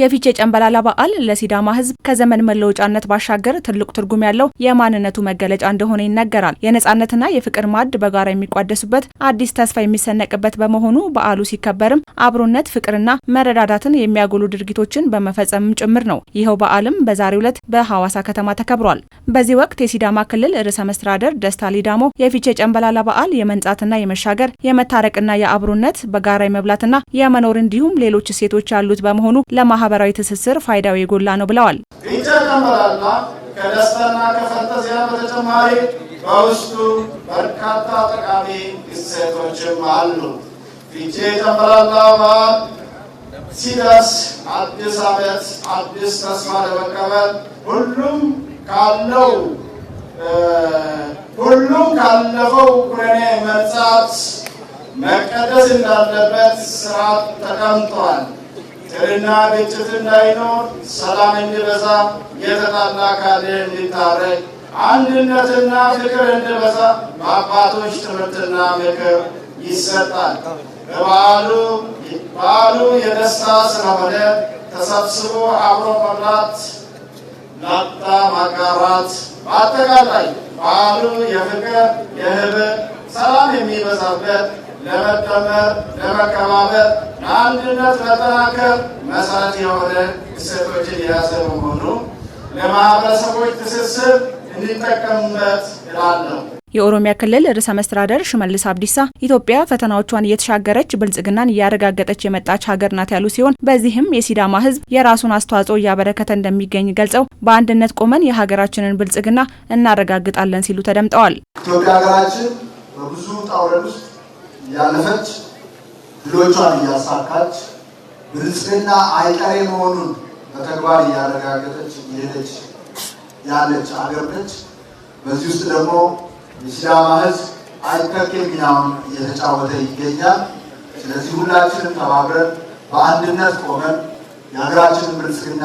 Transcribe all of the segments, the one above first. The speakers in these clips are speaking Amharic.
የፊቼ ጨንበላላ በዓል ለሲዳማ ህዝብ ከዘመን መለወጫነት ባሻገር ትልቁ ትርጉም ያለው የማንነቱ መገለጫ እንደሆነ ይነገራል። የነጻነትና የፍቅር ማዕድ በጋራ የሚቋደሱበት አዲስ ተስፋ የሚሰነቅበት በመሆኑ በዓሉ ሲከበርም አብሮነት፣ ፍቅርና መረዳዳትን የሚያጎሉ ድርጊቶችን በመፈጸምም ጭምር ነው። ይኸው በዓልም በዛሬው ዕለት በሐዋሳ ከተማ ተከብሯል። በዚህ ወቅት የሲዳማ ክልል ርዕሰ መስተዳደር ደስታ ሊዳሞ የፊቼ ጨንበላላ በዓል የመንጻትና የመሻገር የመታረቅና የአብሮነት በጋራ የመብላትና የመኖር እንዲሁም ሌሎች እሴቶች ያሉት በመሆኑ ለማ የማህበራዊ ትስስር ፋይዳው የጎላ ነው ብለዋል። ይጨምራልና ከደስታና ከፈንታ በተጨማሪ በውስጡ በርካታ ጠቃሚ እሴቶችም አሉ። ፊቼ ጨምራላ በዓል ሲደርስ አዲስ ዓመት አዲስ ተስፋ ለመቀበል ሁሉም ካለው ሁሉም ካለፈው ኩነኔ መጻት መቀደስ እንዳለበት ስርዓት ተቀምጧል። ጥልና ግጭት እንዳይኖር ሰላም እንዲበዛ፣ የተጣላ ካለ እንዲታረቅ፣ አንድነትና ፍቅር እንዲበዛ በአባቶች ትምህርትና ምክር ይሰጣል። በበዓሉ በዓሉ የደስታ ስለሆነ ተሰብስቦ አብሮ መብላት፣ ላጣ ማጋራት፣ በአጠቃላይ በዓሉ የፍቅር የህብር ሰላም የሚበዛበት ለመጠመር፣ ለመከባበር፣ ለአንድነት መጠናከር መሰረት የሆነ እሴቶችን የያዘ በመሆኑ ለማህበረሰቦች ትስስር እላለሁ። የኦሮሚያ ክልል ርዕሰ መስተዳደር ሽመልስ አብዲሳ ኢትዮጵያ ፈተናዎቿን እየተሻገረች ብልጽግናን እያረጋገጠች የመጣች ሀገር ናት ያሉ ሲሆን በዚህም የሲዳማ ሕዝብ የራሱን አስተዋጽኦ እያበረከተ እንደሚገኝ ገልጸው በአንድነት ቆመን የሀገራችንን ብልጽግና እናረጋግጣለን ሲሉ ተደምጠዋል። ኢትዮጵያ ሀገራችን በብዙ ጣውረድ ውስጥ እያለፈች ድሎቿን እያሳካች ብልጽግና አይቀሬ መሆኑን በተግባር እያረጋገጠች እየሄደች ያለች አገር ነች። በዚህ ውስጥ ደግሞ የሲዳማ ሕዝብ አይተክ ሚናውን እየተጫወተ ይገኛል። ስለዚህ ሁላችንም ተባብረን በአንድነት ቆመን የሀገራችንን ብልጽግና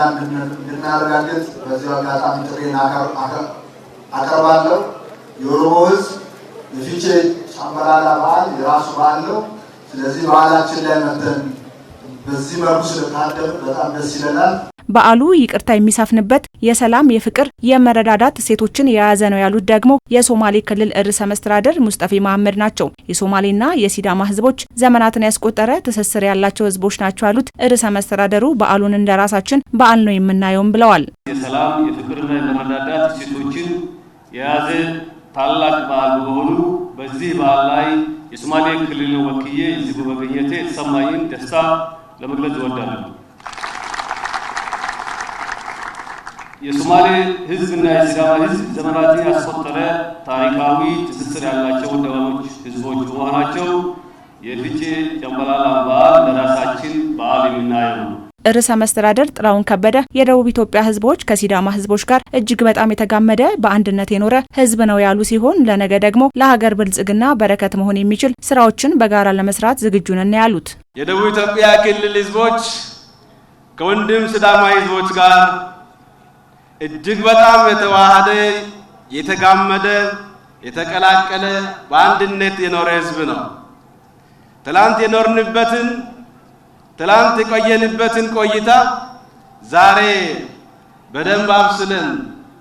እንድናረጋግጥ በዚህ አጋጣሚ ጥሬን አቀርባለሁ። የኦሮሞ ሕዝብ የፊቼ ጨምበላላ ራሱ በዓል ስለዚህ በዓላችን ላይ መተን በዚህ መልኩ ስለታደም በጣም ደስ ይለናል። በዓሉ ይቅርታ የሚሰፍንበት የሰላም፣ የፍቅር፣ የመረዳዳት እሴቶችን የያዘ ነው ያሉት ደግሞ የሶማሌ ክልል ርዕሰ መስተዳደር ሙስጠፌ መሐመድ ናቸው። የሶማሌና የሲዳማ ህዝቦች ዘመናትን ያስቆጠረ ትስስር ያላቸው ህዝቦች ናቸው ያሉት ርዕሰ መስተዳደሩ በዓሉን እንደ ራሳችን በዓል ነው የምናየውም ብለዋል። የሰላም፣ የፍቅርና የመረዳዳት እሴቶችን የያዘ ታላቅ በዓል በመሆኑ በዚህ በዓል ላይ የሶማሌ ክልል ወክዬ እዚህ በመገኘቴ የተሰማኝን ደስታ ለመግለጽ እወዳለሁ። የሶማሌ ሕዝብና የሲዳማ ሕዝብ ዘመናትን ያስቆጠረ ታሪካዊ ትስስር ያላቸው ወንድማማች ሕዝቦች በመሆናቸው የፍቼ ጨምበላላ ርዕሰ መስተዳደር ጥላሁን ከበደ የደቡብ ኢትዮጵያ ህዝቦች ከሲዳማ ህዝቦች ጋር እጅግ በጣም የተጋመደ በአንድነት የኖረ ህዝብ ነው ያሉ ሲሆን ለነገ ደግሞ ለሀገር ብልጽግና በረከት መሆን የሚችል ስራዎችን በጋራ ለመስራት ዝግጁ ነን ያሉት የደቡብ ኢትዮጵያ ክልል ህዝቦች ከወንድም ሲዳማ ህዝቦች ጋር እጅግ በጣም የተዋሃደ የተጋመደ የተቀላቀለ በአንድነት የኖረ ህዝብ ነው። ትላንት የኖርንበትን ትላንት የቆየንበትን ቆይታ ዛሬ በደንብ አብስለን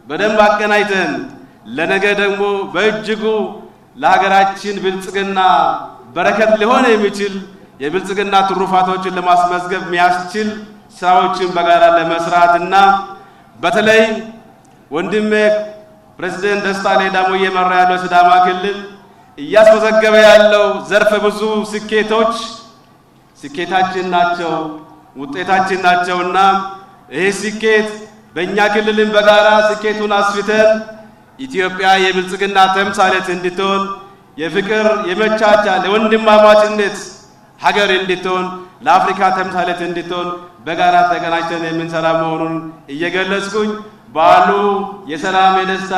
በደንብ አቀናጅተን ለነገ ደግሞ በእጅጉ ለሀገራችን ብልጽግና በረከት ሊሆን የሚችል የብልጽግና ትሩፋቶችን ለማስመዝገብ የሚያስችል ስራዎችን በጋራ ለመስራት እና በተለይ ወንድሜ ፕሬዚደንት ደስታ ሌዳሞ እየመራ ያለው ሲዳማ ክልል እያስመዘገበ ያለው ዘርፈ ብዙ ስኬቶች ስኬታችን ናቸው፣ ውጤታችን ናቸውና ይህ ስኬት በእኛ ክልልን በጋራ ስኬቱን አስፍተን ኢትዮጵያ የብልጽግና ተምሳሌት እንድትሆን የፍቅር የመቻቻል የወንድማማችነት ሀገር እንድትሆን ለአፍሪካ ተምሳሌት እንድትሆን በጋራ ተቀናጅተን የምንሰራ መሆኑን እየገለጽኩኝ በዓሉ የሰላም የደስታ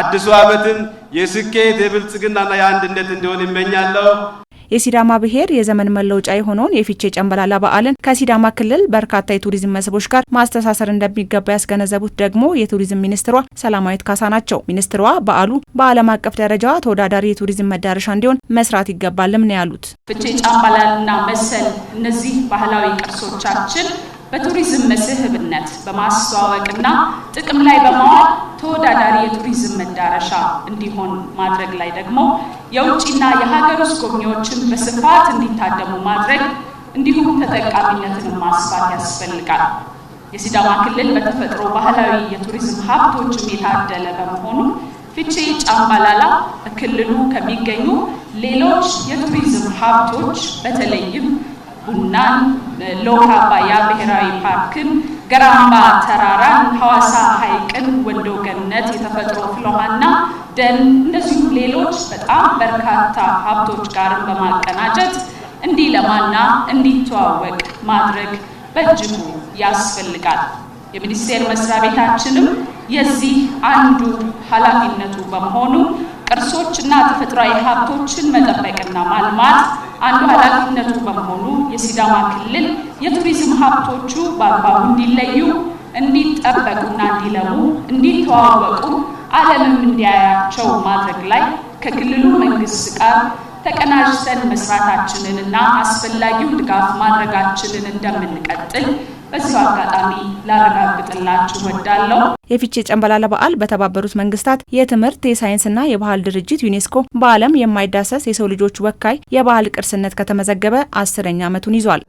አዲሱ ዓመትን የስኬት የብልጽግናና የአንድነት እንዲሆን ይመኛለሁ። የሲዳማ ብሔር የዘመን መለውጫ የሆነውን የፊቼ ጨንበላላ በዓልን ከሲዳማ ክልል በርካታ የቱሪዝም መስህቦች ጋር ማስተሳሰር እንደሚገባ ያስገነዘቡት ደግሞ የቱሪዝም ሚኒስትሯ ሰላማዊት ካሳ ናቸው። ሚኒስትሯ በዓሉ በዓለም አቀፍ ደረጃ ተወዳዳሪ የቱሪዝም መዳረሻ እንዲሆን መስራት ይገባልም ነው ያሉት። ፊቼ ጨንበላላና መሰል እነዚህ ባህላዊ ቅርሶቻችን በቱሪዝም መስህብነት በማስተዋወቅና ጥቅም ላይ በማዋል ተወዳዳሪ የቱሪዝም መዳረሻ እንዲሆን ማድረግ ላይ ደግሞ የውጭና የሀገር ውስጥ ጎብኚዎችን በስፋት እንዲታደሙ ማድረግ እንዲሁም ተጠቃሚነትን ማስፋት ያስፈልጋል። የሲዳማ ክልል በተፈጥሮ ባህላዊ የቱሪዝም ሀብቶችም የታደለ በመሆኑ ፍቼ ጫምባላላ በክልሉ ከሚገኙ ሌሎች የቱሪዝም ሀብቶች በተለይም ቡናን፣ ሎካባያ ብሔራዊ ፓርክን ገራማ ተራራን፣ ሐዋሳ ሐይቅን፣ ወንዶ ገነት የተፈጥሮ ፍለሃና ደን እንደዚሁም ሌሎች በጣም በርካታ ሀብቶች ጋርን በማቀናጀት እንዲለማና እንዲተዋወቅ ማድረግ በእጅጉ ያስፈልጋል። የሚኒስቴር መስሪያ ቤታችንም የዚህ አንዱ ኃላፊነቱ በመሆኑ ቅርሶችና ተፈጥሯዊ ሀብቶችን መጠበቅና ማልማት አንዱ ኃላፊነቱ በመሆኑ የሲዳማ ክልል የቱሪዝም ሀብቶቹ በአግባቡ እንዲለዩ፣ እንዲጠበቁና እንዲለሙ፣ እንዲተዋወቁ ዓለምም እንዲያያቸው ማድረግ ላይ ከክልሉ መንግስት ጋር ተቀናጅተን መስራታችንን እና አስፈላጊው ድጋፍ ማድረጋችንን እንደምንቀጥል በዚሁ አጋጣሚ ላረጋግጥላችሁ ወዳለው የፊቼ ጨንበላለ በዓል በተባበሩት መንግስታት የትምህርት የሳይንስና የባህል ድርጅት ዩኔስኮ በዓለም የማይዳሰስ የሰው ልጆች ወካይ የባህል ቅርስነት ከተመዘገበ አስረኛ ዓመቱን ይዟል።